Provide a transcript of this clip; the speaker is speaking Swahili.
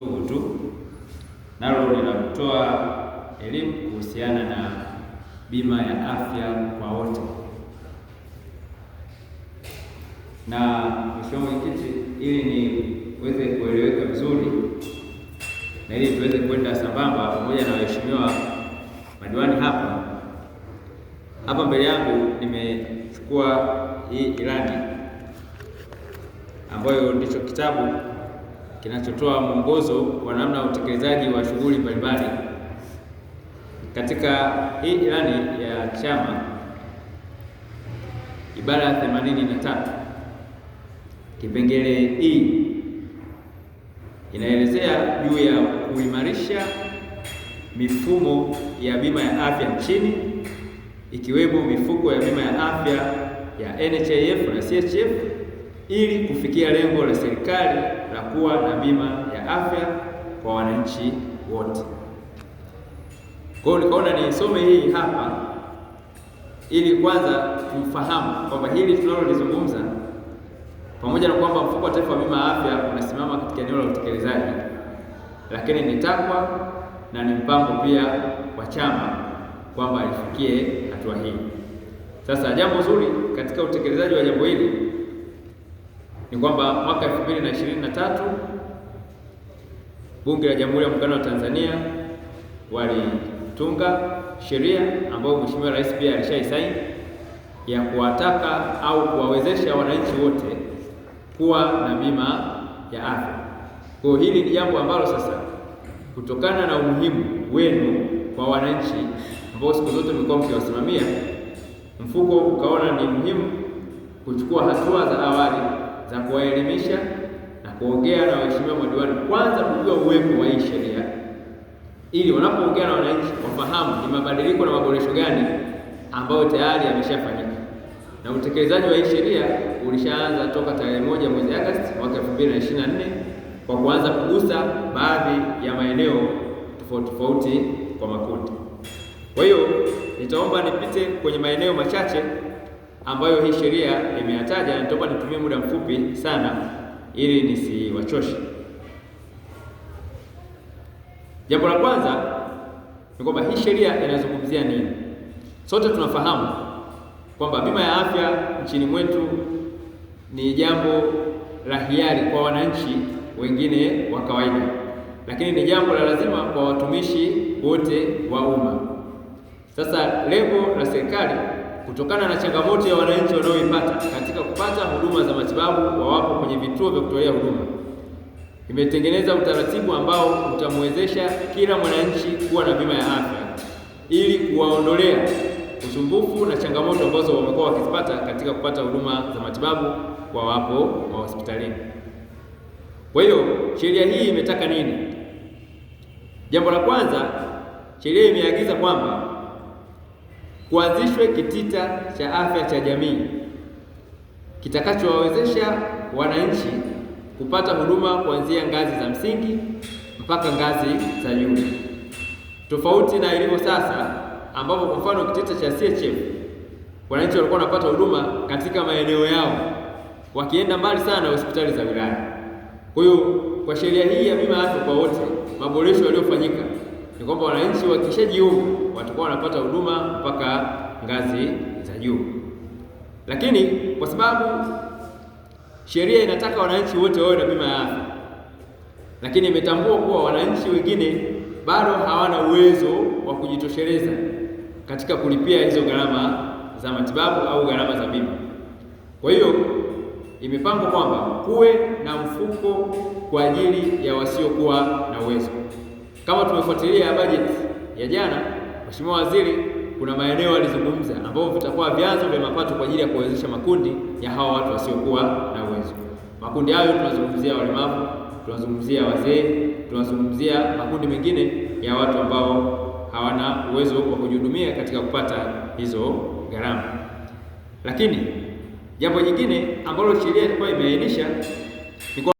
ndugu tu nalo linatoa elimu kuhusiana na bima ya afya kwa wote. Na mheshimiwa mwenyekiti, ili niweze kueleweka vizuri na ili tuweze kwenda sambamba pamoja na waheshimiwa madiwani hapa hapa mbele yangu, nimechukua hii ilani ambayo ndicho kitabu kinachotoa mwongozo wa namna ya utekelezaji wa shughuli mbalimbali katika hii ilani ya chama ibara ya 83 kipengele hii e inaelezea juu ya kuimarisha mifumo ya bima ya afya nchini ikiwemo mifuko ya bima ya afya ya NHIF na CHF ili kufikia lengo la serikali la kuwa na bima ya afya kwa wananchi wote. Kwa hiyo nikaona nisome hii hapa ili kwanza tufahamu kwamba hili tunalolizungumza, pamoja na kwamba mfuko wa taifa wa bima ya afya unasimama katika eneo la utekelezaji, lakini ni takwa na ni mpango pia wa chama kwamba alifikie hatua hii. Sasa jambo zuri katika utekelezaji wa jambo hili ni kwamba mwaka 2023 Bunge la Jamhuri ya Muungano wa Tanzania walitunga sheria ambayo Mheshimiwa Rais pia alishaisaini ya kuwataka au kuwawezesha wananchi wote kuwa na bima ya afya. Kwa hiyo hili ni jambo ambalo sasa, kutokana na umuhimu wenu kwa wananchi ambao siku zote mlikuwa mkiwasimamia, mfuko ukaona ni muhimu kuchukua hatua za awali za kuwaelimisha na kuongea na waheshimiwa madiwani, kwanza kujua uwepo wa hii sheria ili wanapoongea na wananchi wafahamu ni mabadiliko na maboresho gani ambayo tayari yameshafanyika na utekelezaji wa hii sheria ulishaanza toka tarehe moja mwezi Agosti mwaka 2024 kwa kuanza kugusa baadhi ya maeneo tofauti tofauti kwa makundi. Kwa hiyo nitaomba nipite kwenye maeneo machache ambayo hii sheria imeyataja. Nitaomba nitumie muda mfupi sana ili nisiwachoshe. Jambo la kwanza ni kwamba hii sheria inazungumzia nini? Sote tunafahamu kwamba bima ya afya nchini mwetu ni jambo la hiari kwa wananchi wengine wa kawaida, lakini ni jambo la lazima kwa watumishi wote wa umma. Sasa lengo la serikali kutokana na changamoto ya wananchi wanaoipata katika kupata huduma za matibabu wawapo kwenye vituo vya kutolea huduma, imetengeneza utaratibu ambao utamwezesha kila mwananchi kuwa na bima ya afya ili kuwaondolea usumbufu na changamoto ambazo wamekuwa wakizipata katika kupata huduma za matibabu kwa wapo wa hospitalini. Kwa hiyo sheria hii imetaka nini? Jambo la kwanza, sheria imeagiza kwamba kuanzishwe kitita cha afya cha jamii kitakachowawezesha wananchi kupata huduma kuanzia ngazi za msingi mpaka ngazi za juu, tofauti na ilivyo sasa, ambapo kwa mfano kitita cha CHF wananchi walikuwa wanapata huduma katika maeneo yao, wakienda mbali sana hospitali za wilaya. Kwa hiyo kwa sheria hii ya bima ya afya kwa wote, maboresho yaliyofanyika ni kwamba wananchi wakishajiunga watakuwa wanapata huduma mpaka ngazi za juu, lakini kwa sababu sheria inataka wananchi wote wawe na bima ya afya, lakini imetambua kuwa wananchi wengine bado hawana uwezo wa kujitosheleza katika kulipia hizo gharama za matibabu au gharama za bima. Kwa hiyo imepangwa kwamba kuwe na mfuko kwa ajili ya wasiokuwa na uwezo. Kama tumefuatilia bajeti ya jana, Mheshimiwa Waziri, kuna maeneo alizungumza ambapo vitakuwa vyanzo vya mapato kwa ajili ya kuwezesha makundi ya hawa watu wasiokuwa na uwezo. Makundi hayo tunazungumzia walemavu, tunazungumzia wazee, tunazungumzia makundi mengine ya watu ambao hawana uwezo wa kujihudumia katika kupata hizo gharama. Lakini jambo jingine ambalo sheria ilikuwa imeainisha